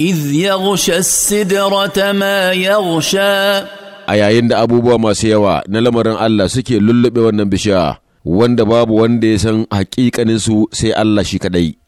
إذ يغشى السدرة ما يغشى a yayin da abubuwa masu yawa na lamarin Allah suke lulluɓe wannan bishiya wanda babu wanda ya san hakikaninsu sai Allah shi kaɗai.